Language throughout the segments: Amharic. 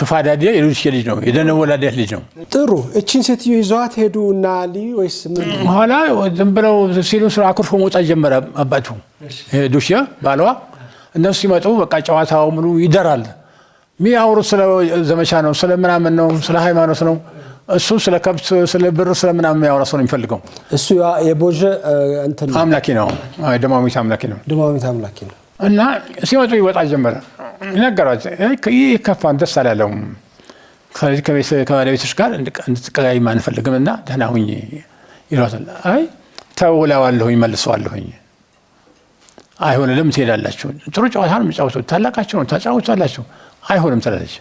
ተፋዳዲ የልጅ ልጅ ነው። የደነ ወላዲት ልጅ ነው። ጥሩ እችን ሴትዮ ይዘዋት ሄዱ እና ልዩ ወይስ ምን? በኋላ ዝም ብለው ሲሉ ስራ አኩርፎ መውጣት ጀመረ። አባቱ ዱሽ ባለዋ እነሱ ሲመጡ በቃ ጨዋታው ሙሉ ይደራል። ሚያወሩት ስለ ዘመቻ ነው፣ ስለ ምናምን ነው፣ ስለ ሃይማኖት ነው። እሱ ስለ ከብት፣ ስለ ብር፣ ስለ ምናምን ያወራ ሰው ነው የሚፈልገው። እሱ የቦዥ አምላኪ ነው፣ ደማዊት አምላኪ ነው፣ ደማዊት አምላኪ ነው። እና ሲመጡ ይወጣ ጀመረ ነገሯቸው። ይህ የከፋን ደስ አላለውም። ከባለቤቶች ጋር እንድትቀያይም አንፈልግም እና ደህና ሁኝ ይሏታል። አይ ተውላዋለሁኝ መልሰዋለሁኝ። አይሆንልም ትሄዳላችሁ። ጥሩ ጨዋታ ነው የምጫወቱት፣ ታላቃችሁ ነው ታጫውታላችሁ። አይሆንም ትላለች።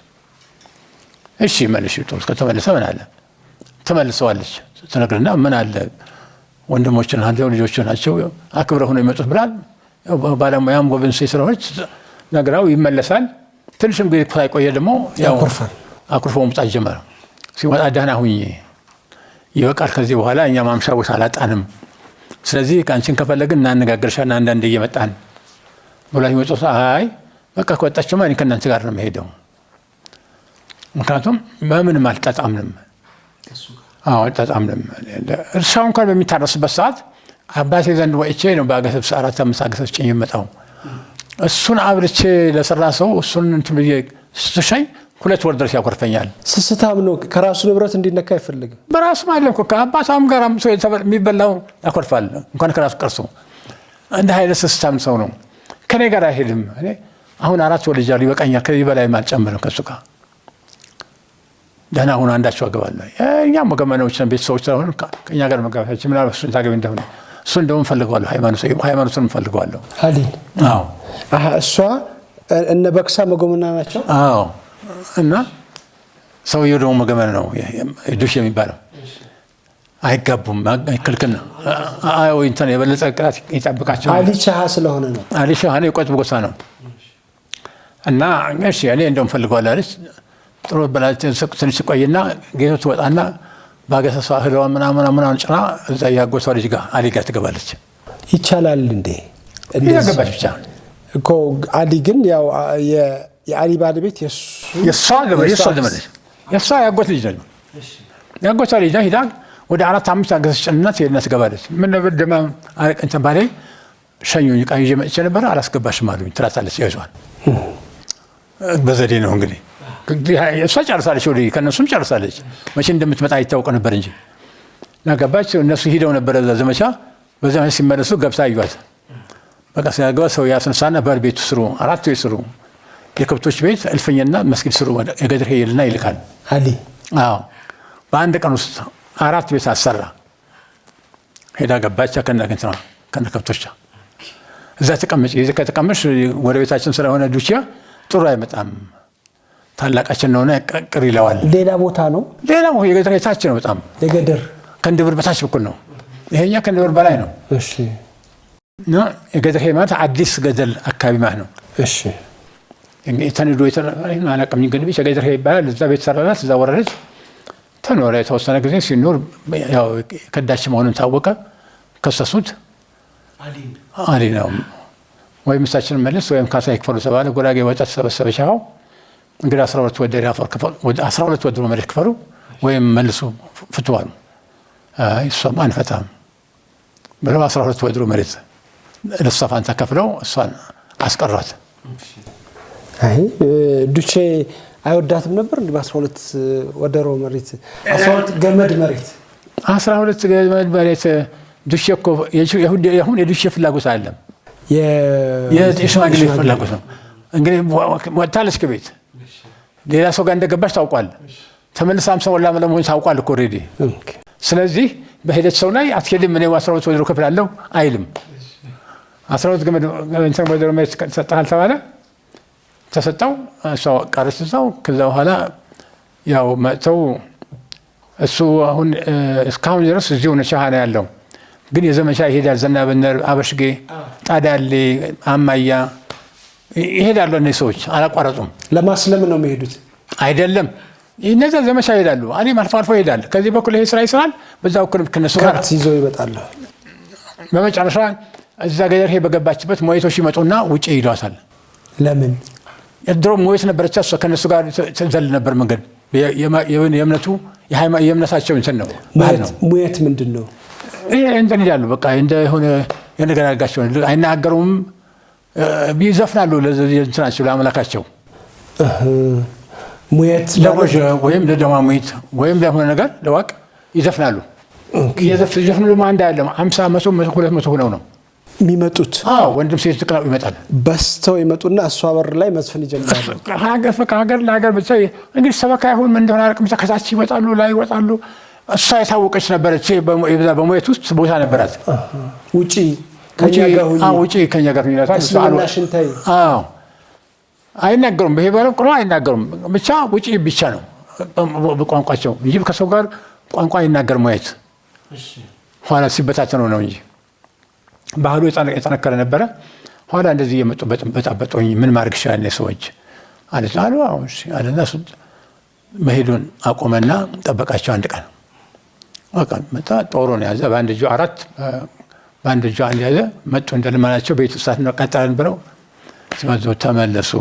እሺ መልሽ። ጥሩ ከተመለሰ ምን አለ ትመልሰዋለች። ትነግርና ምን አለ ወንድሞችን ልጆች ናቸው አክብረው ነው የመጡት ብላል። ባለሙያም ጎበዝ ስለሆነች ነግራው ይመለሳል። ትንሽም ጊዜ ሳይቆየ ደግሞ አኩርፎ መምጣት ጀመረ። ሲመጣ ደህና ሁኝ ይበቃል፣ ከዚህ በኋላ እኛ ማምሻ ቦታ አላጣንም። ስለዚህ ከአንቺን ከፈለግን እናነጋግርሻለን አንዳንድ እየመጣን ብላ ሲመጡ፣ አይ በቃ ከወጣችማ እኔ ከእናንተ ጋር ነው የምሄደው፣ ምክንያቱም በምንም አልጣጣምንም አልጣጣምንም። እርሻው እንኳን በሚታረስበት ሰዓት አባቴ ዘንድ ወጥቼ ነው በአገሰብ አምስት አገሰብ ጭኝ የመጣው እሱን አብልቼ ለሰራ ሰው እሱን እንትን ብዬ ስትሸኝ ሁለት ወር ድረስ ያኮርፈኛል። ስስታም ነው። ከራሱ ንብረት እንዲነካ አይፈልግም። በራሱ ማለም ከአባቷም ጋር የሚበላው ያኮርፋል። እንኳን ከራሱ ቀርሶ እንደ ኃይለ ስስታም ሰው ነው። ከኔ ጋር አይሄድም። እኔ አሁን አራት ወልጃለሁ፣ ይበቃኛል። ከዚህ በላይ አልጨምርም ከሱ ጋር ደህና ሁኑ፣ አንዳቸው አገባለሁ። እኛም ወገመኖች ቤተሰቦች ስለሆኑ ከእኛ ጋር መጋባታችን ምናልባት እሱን ታገቢ እንደሆነ እሱን ደግሞ እፈልገዋለሁ። ሃይማኖቱን እፈልገዋለሁ። እሷ እነ በክሳ መጎመና ናቸው። አዎ። እና ሰውየው ደግሞ መገመን ነው ዱሽ የሚባለው አይጋቡም። ክልክል ነው። እንትን የበለጠ ቅጣት ይጠብቃቸው። አሊ ሻህ ስለሆነ ነው። አሊ ሻህ ነው፣ የቆጭ ጎሳ ነው። እና እሺ እኔ እንደውም ፈልገዋለሁ አለች። ጥሩ በላ ትንሽ ቆይና ጌቶ ትወጣና ባገሰሷ ህለዋ ምናምና ምናምን ጭና እዛ ያጎሷ ልጅ ጋር አሊ ጋር ትገባለች። ይቻላል እንዴ? ገባች ብቻ እኮ አሊ ግን ያው የአሊ ባለቤት የእሷ ያጎት ልጅ ነች። ያጎሷ ልጅ ሂዳ ወደ አራት አምስት አገሰች እና ትሄድና ትገባለች። ምን ደመ ደማ አለቀኝ ተባለ ሸኙኝ፣ ዕቃ ይዤ መጥቼ ነበር አላስገባሽም አሉኝ ትላታለች። ያይዟል በዘዴ ነው እንግዲህ እሷ ጨርሳለች፣ ወደ ከእነሱም ጨርሳለች። መቼ እንደምትመጣ ይታወቅ ነበር እንጂ እና ገባች። እነሱ ሂደው ነበረ እዛ ዘመቻ። በዛ ሲመለሱ ገብታ አዩት። በቃ ሲያገባ ሰው ያስነሳና በር ቤቱ ስሩ፣ አራት ቤት ስሩ፣ የከብቶች ቤት እልፍኝና መስጊድ ስሩ፣ የገድር ሄልና ይልካል። አዎ በአንድ ቀን ውስጥ አራት ቤት አሰራ። ሄዳ ገባቻ ከነ እንትኗ ከነ ከብቶቻ እዛ ተቀመጭ። ከተቀመሽ ወደ ቤታችን ስለሆነ ዱቻ ጥሩ አይመጣም ታላቃችን ነሆነ ቅር ይለዋል። ሌላ ቦታ ነው፣ ሌላ የገጠር የታች ነው፣ በጣም የገደር ከንድብር በታች በኩል ነው። ይሄኛ ከንድብር በላይ ነው። እና የገደር ማለት አዲስ ገደል አካባቢ ማለት ነው። እሺ ተንዶ አላቀም ግን ብቻ ገደር ይባላል። እዛ ቤት ሰራላት፣ እዛ ወረደች፣ ተኖረ። የተወሰነ ጊዜ ሲኖር ከዳች መሆኑን ታወቀ። ከሰሱት። አሊ ነው ወይም እሳችን መልስ ወይም ካሳ ይክፈሉ ተባለ። ጉራጌ ወጣት ተሰበሰበ ሻው እንግዲህ አስራ ሁለት ወደ ዳፎር ክፈሉ፣ አስራ ሁለት ወደ መሬት ክፈሉ ወይም መልሱ ፍትዋል እሷም አንፈታም ብለው አስራ ሁለት ወድሮ መሬት ለሷ ተከፍለው እሷን አስቀሯት። አይ ዱቼ አይወዳትም ነበር እንዲ በአስራ ሁለት ወደሮ መሬት አስራ ገመድ መሬት አስራ ገመድ መሬት ዱቼ እኮ አሁን የዱቼ ፍላጎት አይደለም የሽማግሌ ፍላጎት ነው። እንግዲህ ወጥታለች ከቤት ሌላ ሰው ጋር እንደገባች ታውቋል። ተመልሳ አምሳ ወላ ለመሆን ታውቋል እኮ ሬዲ። ስለዚህ በሂደት ሰው ላይ አትሄድም እኔ አስራ ሁለት ወይዘሮ ከፍላለሁ አይልም። አስራ ሁለት ገመድ ወይዘሮ መሬት ሰጠሃል ተባለ፣ ተሰጠው። እሷ ቃል ሰው ከዛ በኋላ ያው መጥተው እሱ አሁን እስካሁን ድረስ እዚሁ ነው ሻሃ ነው ያለው፣ ግን የዘመቻ ይሄዳል ዘና በነር አበሽጌ፣ ጣዳሌ፣ አማያ ይሄዳሉ። እነዚህ ሰዎች አላቋረጡም። ለማስለም ነው የሚሄዱት አይደለም እነዚያ ዘመቻ ይሄዳሉ። እኔም አልፎ አልፎ ይሄዳል። ከዚህ በኩል ይሄ ስራ ይስራል፣ በዛ በኩል ከነሱ ጋር ይዞ ይመጣሉ። በመጨረሻ እዛ ገደር በገባችበት ሞየቶች ይመጡና ውጭ ይሏታል። ለምን ድሮ ሞየት ነበረች፣ ከነሱ ጋር ዘል ነበር መንገድ የእምነቱ የእምነታቸው እንትን ነው። ሙየት ምንድን ነው? ይሄ እንትን ይላሉ። በቃ እንደሆነ የነገር አድርጋቸው አይናገሩም ይዘፍናሉ ለእንትናቸው ለአምላካቸው ሙየት ለሮዥ ወይም ለደማሙት ወይም ለሆነ ነገር ለዋቅ ይዘፍናሉ። ይዘፍናሉ አንድ አያለም አምሳ መቶ ሁለት መቶ ሆነው ነው የሚመጡት። ወንድም ሴት ቅላው ይመጣል። በስተው ይመጡና እሷ በር ላይ መዝፈን ይጀምራሉ። ከሀገር ለሀገር ብቻ እንግዲህ ሰበካ ይሁን ምን እንደሆነ ከታች ይመጣሉ፣ ላይ ይወጣሉ። እሷ የታወቀች ነበረች። በሙየት ውስጥ ቦታ ነበራት ውጪ ውጪ ከኛ ጋር አይናገሩም። በሄበረ ቁርአን አይናገሩም። ብቻ ውጪ ብቻ ነው ቋንቋቸው እንጂ ከሰው ጋር ቋንቋ አይናገርም። ማየት ኋላ ሲበታተኑ ነው እንጂ ባህሉ የጠነከረ ነበረ። ኋላ እንደዚህ እየመጡ በጣበጦኝ ምን ማድረግ ይችላል ሰዎች አለት አሉ አለና መሄዱን አቆመና ጠበቃቸው። አንድ ቀን በቃ መጣ። ጦሩን ያዘ በአንድ እጁ አራት በአንድ እጇ ያዘ መጡ። እንደ ልመናቸው ቤት ውስጥ ቀጠረን ብለው ሲመጡ ተመለሱ።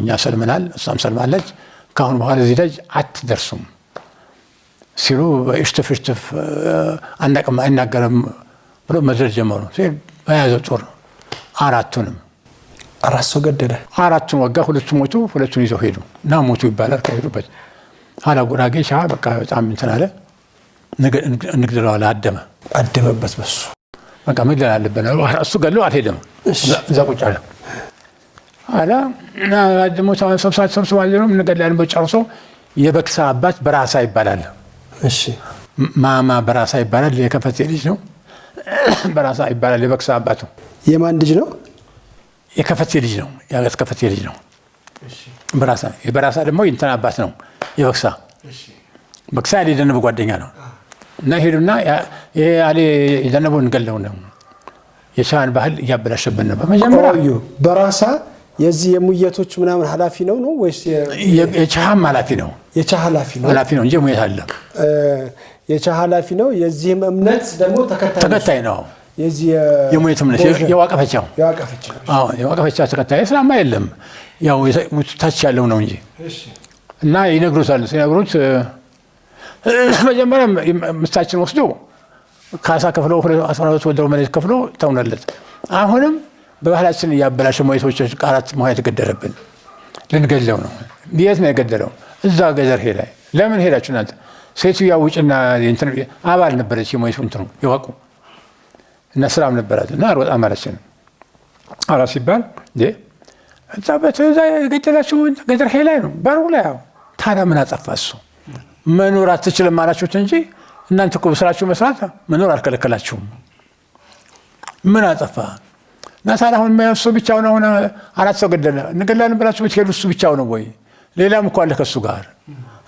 እኛ ሰልምናል፣ እሷም ሰልማለች። ከአሁን በኋላ እዚህ ደጅ አትደርሱም ሲሉ እሽትፍ እሽትፍ አናቅም አይናገርም ብሎ መድረስ ጀመሩ። በያዘው ጦር አራቱንም አራት ሰው ገደለ። አራቱን ወጋ። ሁለቱ ሞቱ፣ ሁለቱን ይዘው ሄዱ እና ሞቱ ይባላል። ከሄዱበት ኋላ ጉራጌ ሻ በቃ በጣም እንትን አለ። እንግድለዋል። አደመ አደመበት በሱ በቃ መግደል አለብን። እሱ ገድሎ አልሄደም፣ እዛ ቁጭ አለ አላ ደግሞ ሰብሳ ሰብስባ እንገድላለን ብሎ ጨርሶ የበክሳ አባት በራሳ ይባላል። ማማ በራሳ ይባላል። የከፈቴ ልጅ ነው። በራሳ ይባላል። የበክሳ አባቱ የማን ልጅ ነው? የከፈቴ ልጅ ነው። የአገት ከፈቴ ልጅ ነው። በራሳ የበራሳ ደግሞ የእንትን አባት ነው። የበክሳ በክሳ ያሌደንብ ጓደኛ ነው። እና ሄዱና አሌ ዘነቦ እንገለው ነው የሻን ባህል እያበላሸብን ነው። በመጀመሪያ በራሳ የዚህ የሙየቶች ምናምን ኃላፊ ነው ነው ወይስ የቻሃም ኃላፊ ነው? የቻህ ኃላፊ ነው ኃላፊ ነው እንጂ ሙየት አለ። የቻ ኃላፊ ነው። የዚህም እምነት ደግሞ ተከታይ ነው። የሙየት እምነት የዋቀፈቻው የዋቀፈቻ ተከታይ ስላማ የለም። ያው ታች ያለው ነው እንጂ እና ይነግሩታል ሲነግሩት መጀመሪያ ምስታችን ወስዶ ካሳ ከፍሎ አስራ ሁለት ወደሮ መሬት ከፍሎ ተውነለት። አሁንም በባህላችን እያበላሸ ሞቶች ቃላት መሆን የተገደለብን ልንገለው ነው። የት ነው የገደለው? እዛ ገዘር ሄዳ። ለምን ሄዳችሁ እናንተ? ሴትዮዋ ውጭና አባል ነበረች የሞቱ እንትኑ የዋቁ እና ስራም ነበራት እና ሮጣ ማለት ነው አራ ሲባል እዛ በትዛ የገደላችሁ ገዘር ሄላይ ነው በሩ ላይ ታዲያ ምን አጠፋ እሱ መኖር አትችልም አላችሁት እንጂ እናንተ እኮ በስራችሁ መስራት መኖር አልከለከላችሁም። ምን አጠፋ እና ታዲያ አሁን እሱ ብቻውን አሁን አራት ሰው ገደለ እንገላለን ብላችሁ ብትሄዱ እሱ ብቻው ነው ወይ? ሌላም እኮ አለ ከእሱ ጋር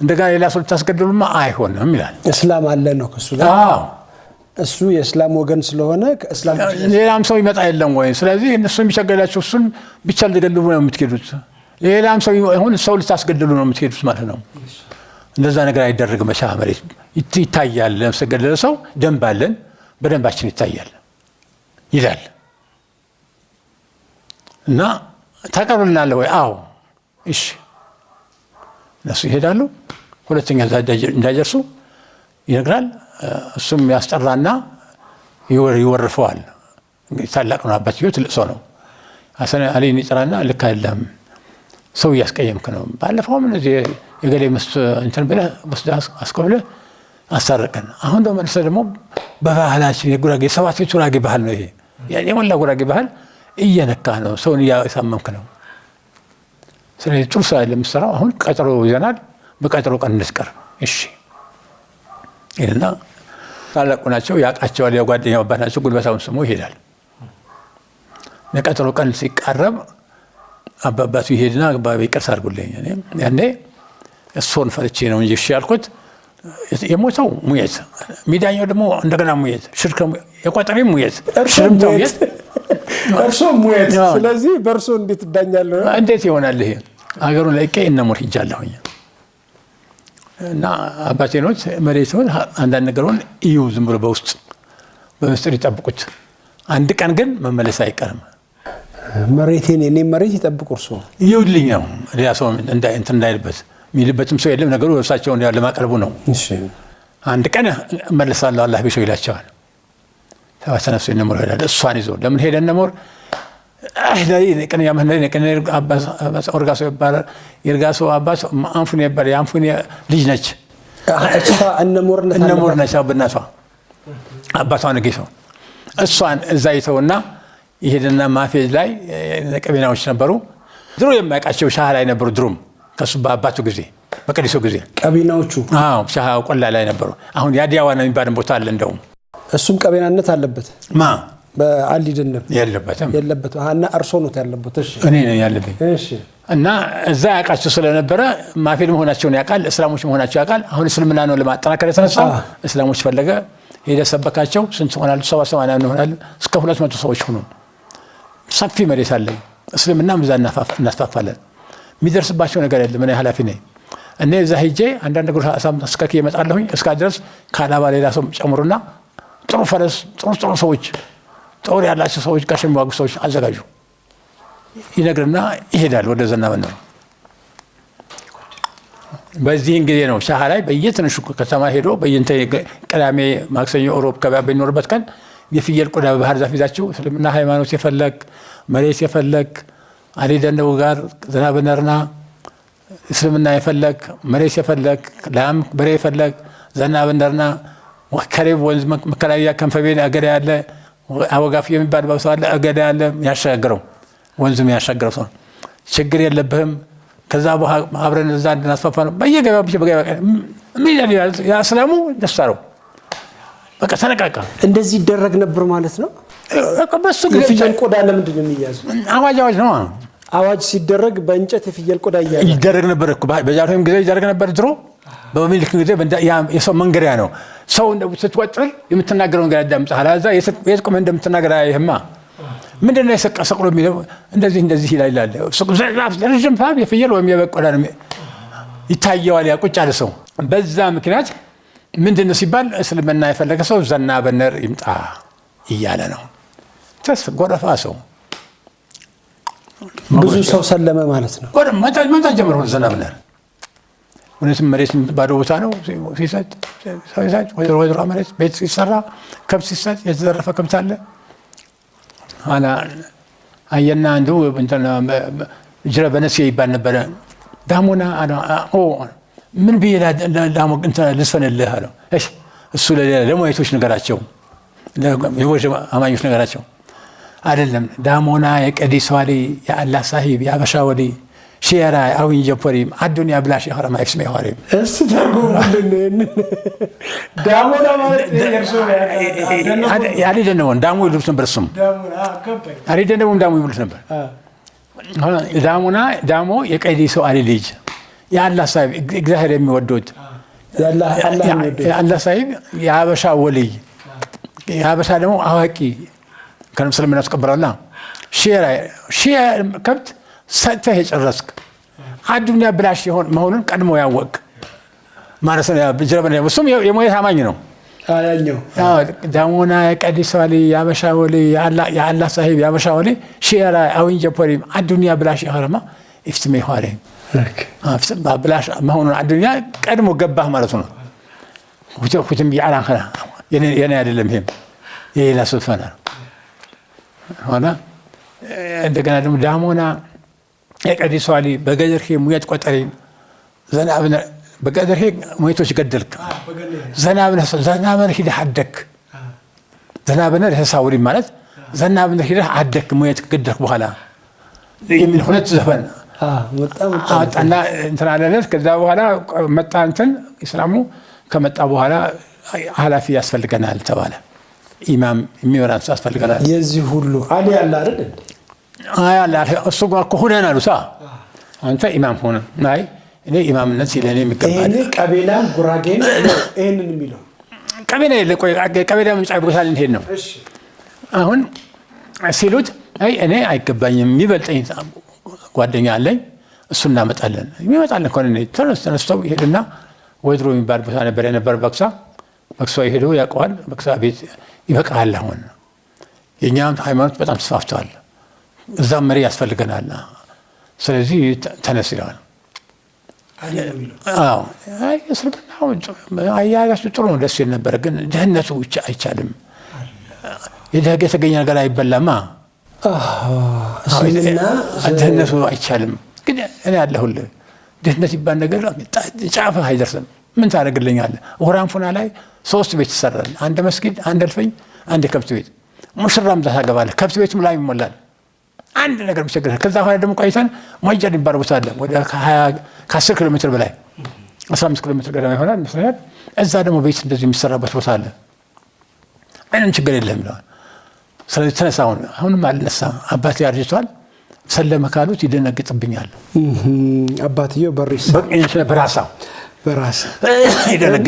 እንደገና ሌላ ሰው ልታስገድሉማ አይሆንም ይላል። እስላም አለ ነው ከሱ ጋር እሱ የእስላም ወገን ስለሆነ ሌላም ሰው ይመጣ የለም ወይ? ስለዚህ እነሱ የሚቸገላቸው እሱን ብቻ ልትገድሉ ነው የምትሄዱት፣ ሌላም ሰው ሁን ሰው ልታስገድሉ ነው የምትሄዱት ማለት ነው። እንደዛ ነገር አይደረግ መሻህ መሬት ይታያል። ለመሰገደለ ሰው ደንብ አለን፣ በደንባችን ይታያል ይላል እና ታቀርብልናለ ወይ? አዎ። እሺ፣ እነሱ ይሄዳሉ። ሁለተኛ እንዳይደርሱ ይነግራል። እሱም ያስጠራና ይወርፈዋል። ታላቅ ነው፣ አባትየው ትልቅ ሰው ነው። ሀሰን አሊን ይጠራና ልክ አይደለም፣ ሰው እያስቀየምክ ነው። ባለፈውም እነዚህ የገሌ ምስ እንትን ብለህ ወስደህ አስቆብለህ አሳረቀን። አሁን ደግሞ መልሰህ ደግሞ በባህላችን የጉራጌ ሰባት ጉራጌ ባህል ነው ይሄ የሞላ ጉራጌ ባህል እየነካ ነው፣ ሰውን እያሳመምክ ነው። ስለዚህ ጥሩ ስራ ለምሰራው አሁን ቀጠሮ ይዘናል፣ በቀጠሮ ቀን እንድትቀር እሺ ይልና ታላቁ ናቸው ያውቃቸዋል። የጓደኛው አባት ናቸው። ጉልበታውን ስሞ ይሄዳል። ለቀጠሮ ቀን ሲቃረብ አባባቱ ይሄድና ይቅርታ አድርጉልኝ ያኔ እሱን ፈርቼ ነው እንጂ እሺ ያልኩት። የሞተው ሙየት፣ ሚዳኛው ደግሞ እንደገና ሙየት፣ የቆጠሪ ሙየት፣ ሽርምተው ሙየት፣ እርሶ ሙየት። ስለዚህ በእርሶ እንዴት እዳኛለሁ? እንዴት ይሆናል ይሄ? ሀገሩን ለቄ እነሙር ሂጃለሁኝ እና አባቴ አባቴኖት መሬቱን አንዳንድ ነገሩን እዩ ዝም ብሎ በውስጥ በምስጢር ይጠብቁት። አንድ ቀን ግን መመለስ አይቀርም። መሬቴን የኔ መሬት ይጠብቁ እርሶ እዩልኝ ነው ሌላ ሰው እንትን እንዳይልበት የሚልበትም ሰው የለም። ነገሩ እርሳቸውን ለማቀርቡ ነው። አንድ ቀን መለሳለሁ አላህ ቢሻው ይላቸዋል። ተነሱ ነሞር ሄዳል። እሷን ይዞ ለምን ሄደ ነሞር ኦርጋሶ ይባላል። የእርጋሶ አባት አንፉን ይባላል። የአንፉን ልጅ ነች እነሞር ነች ብናቷ አባቷ ሰው እሷን እዛ ይተውና ይሄድና ማፌዝ ላይ ቀቤናዎች ነበሩ። ድሮ የማያውቃቸው ሻህ ላይ ነበሩ ድሮም ከሱም በአባቱ ጊዜ በቀዲሶ ጊዜ ቀቢናዎቹ ሻ ቆላ ላይ ነበሩ። አሁን የአዲያ የሚባል ቦታ አለ። እንደውም እሱም ቀቢናነት አለበት ማ በአሊ ደንብ የለበትም የለበትም። እና እርሶ ኖት ያለበት? እሺ እኔ ነኝ ያለብኝ። እሺ እና እዛ ያውቃቸው ስለነበረ ማፊል መሆናቸውን ያውቃል፣ እስላሞች መሆናቸው ያውቃል። አሁን እስልምና ነው ለማጠናከር የተነሳ እስላሞች ፈለገ፣ ሄደ፣ ሰበካቸው። ስንት ሆናሉ? ሰባ ሰማንያ እንሆናለን። እስከ ሁለት መቶ ሰዎች ሆኑ። ሰፊ መሬት አለኝ። እስልምናም እዛ እናስፋፋለን። የሚደርስባቸው ነገር የለም። እኔ ኃላፊ ነኝ። እኔ እዛ ሄጄ አንዳንድ ነገሮች እስከክ እመጣለሁኝ። እስካ ድረስ ከአላባ ሌላ ሰው ጨምሩና ጥሩ ፈረስ፣ ጥሩ ጥሩ ሰዎች፣ ጦር ያላቸው ሰዎች ጋር የሚዋጉ ሰዎች አዘጋጁ ይነግርና ይሄዳል ወደ ዘና መንደሩ። በዚህን ጊዜ ነው ሻሃ ላይ በየትንሹ ከተማ ሄዶ በየንተ ቅዳሜ፣ ማክሰኞ፣ ሮብ ገበያ በሚኖርበት ቀን የፍየል ቆዳ በባህር ዛፍ ይዛችሁ እስልምና ሃይማኖት የፈለግ መሬት የፈለግ አሊ ደንደው ጋር ዝናብ ነርና እስልምና የፈለግ መሬት የፈለግ ላም በሬ የፈለግ ዘና ነርና ከሬብ ወንዝ መከላያ ከንፈቤን አገዳ ያለ አወጋፍ የሚባል ሰው አለ። አገዳ ያለ ያሻገረው ወንዙም ያሻገረው ሰው ችግር የለብህም። ከዛ በኋላ አብረን እዛ እንድናስፋፋ ነው። በየገበያ ያ እስላሙ ደስ አለው። በቃ ተነቃቃ። እንደዚህ ይደረግ ነበር ማለት ነው። በሱ ግን የፍየል ቆዳ ለምንድን ነው የሚያዘው? አዋጅ አዋጅ ነው። አዋጅ ሲደረግ በእንጨት የፍየል ቆዳ ይደረግ ነበር እኮ ጊዜ ይደረግ ነበር ድሮ በሚልክ ጊዜ የሰው መንገሪያ ነው። ሰው ስትወጥል የምትናገረው ነገር ያዳምጽሃል። ዛ የት ቆመህ እንደምትናገር ይህማ ምንድን ነው የሰቀሰቅሎ የሚለው እንደዚህ እንደዚህ ይላል ይላል። ረዥም ፋም የፍየል ወይም የበግ ቆዳ ነው ይታየዋል። ያ ቁጭ ያለ ሰው በዛ ምክንያት ምንድን ነው ሲባል እስልምና የፈለገ ሰው ዘና በነር ይምጣ እያለ ነው። ተስፋ ጎረፋ ሰው ብዙ ሰው ሰለመ ማለት ነው። መጣ ጀምሮ ሰላምናል እውነትም መሬት ባዶ ቦታ ነው። ሲሰጥ ወይዘሮ ወይዘሮ መሬት ቤት ሲሰራ ከብት ሲሰጥ የተዘረፈ ከብት አለ። ኋላ አየና አንዱ ጅረ በነስ ይባል ነበረ። ዳሞና ምን ብዬ ዳሞ ልስፈንልህ አለው። እሱ ለሞይቶች ነገራቸው፣ አማኞች ነገራቸው አይደለም። ዳሞና የቀዲስ ዋሊ የአላ ሳሂብ የአበሻ ወሊ ሼራ አዊን ጀፖሪም አዱኒያ ብላ ሸኸረማ ኤክስሜ ሆሪም እሱ ተርጉምልንዳሞናማለትአሊደነበን ዳሞ ይሉት ነበር። እሱም አሊደነበም ዳሞ ይሉት ነበር። ዳሞና ዳሞ የቀዲስ ዋሊ ልጅ የአላ ሳሂብ እግዚአብሔር የሚወዱት የአላ ሳሂብ የአበሻ ወልይ የአበሻ ደግሞ አዋቂ كان مسلمنا تقبر لنا شيرة شيرة كبت سنتهج الرزق عاد دنيا بلاش يهون ما هون قد مو يوق ما رسنا بجربنا وسم يموي ثمانين يوم آه دامونا قدي سوالي يا بشاولي آه، يا الله يا الله صاحب يا بشاولي شيرة أو إن جبوري عاد دنيا بلاش يهرم افتمي هاري آه، بلاش ما هون عاد دنيا قد مو جبه ما رسنا وتم بيعلان خلا يعني يعني هذا المهم يلا سلفنا ሆነ እንደገና ደግሞ ዳሞና የቀዲስ ዋሊ በገደርሄ ሙየት ቆጠሪ ዘናብነ በገደርሄ ሙየቶች ገደልክ ዘናብነ ዘናብነ ሂደህ አደክ ዘናብነ ለተሳውሪ ማለት ዘናብነ ሂደህ አደክ ሙየት ገደልክ በኋላ የሚል ሁለት ዘፈን አወጣና እንትን አለለት። ከዛ በኋላ መጣ እንትን ኢስላሙ ከመጣ በኋላ ኃላፊ ያስፈልገናል ተባለ። ኢማም የሚመራን ሰው ያስፈልገናል። የዚህ ሁሉ አሊ ያለ አይደል አያለ እሱ ጋር ሁነን አሉ ሳ አንተ ኢማም ሆነ ናይ እኔ ኢማምነት ሲለኔ የሚገባል ቀቤላ ጉራጌ ይህንን የሚለው ቀቤላ የለ ቀቤላ ምንጫ ቦታ ልንሄድ ነው አሁን ሲሉት አይ እኔ አይገባኝም የሚበልጠኝ ጓደኛ አለኝ እሱ እናመጣለን የሚመጣለን ከሆነ ተነስተው ይሄድና ወይድሮ የሚባል ቦታ ነበር የነበረ በክሳ መቅሰዋ ሄዶ ያውቀዋል። መክሳ ቤት ይበቃል አሁን የእኛም ሃይማኖት በጣም ተስፋፍቷል። እዛም መሪ ያስፈልገናል። ስለዚህ ተነስ ይለዋል። እስልምና ጥሩ ነው፣ ደስ ይል ነበር። ግን ድህነቱ አይቻልም። የደህግ የተገኘ ነገር አይበላማ። ድህነቱ አይቻልም። ግን እኔ አለሁልህ። ድህነት ይባል ነገር ጫፍህ አይደርስም። ምን ታደርግልኛለህ? ወራንፉና ላይ ሶስት ቤት ይሰራል። አንድ መስጊድ፣ አንድ እልፍኝ፣ አንድ ከብት ቤት። ሙሽራም እዛ ታገባለህ፣ ከብት ቤትም ላይ ይሞላል። አንድ ነገር የሚቸግርህ ከዛ ኋላ ደግሞ ቆይተን ሞጀር የሚባል ቦታ አለ። ወደ ከአስር ኪሎ ሜትር በላይ አስራ አምስት ኪሎ ሜትር ገደማ ይሆናል ይመስለኛል። እዛ ደግሞ ቤት እንደዚህ የሚሰራበት ቦታ አለ። ምንም ችግር የለም ብለዋል። ስለዚህ ተነሳ። አሁን አሁንም አልነሳ አባቴ አርጅቷል። ሰለመ ካሉት ይደነግጥብኛል። አባትየው በሬሳ በራሳ ይደነግጥ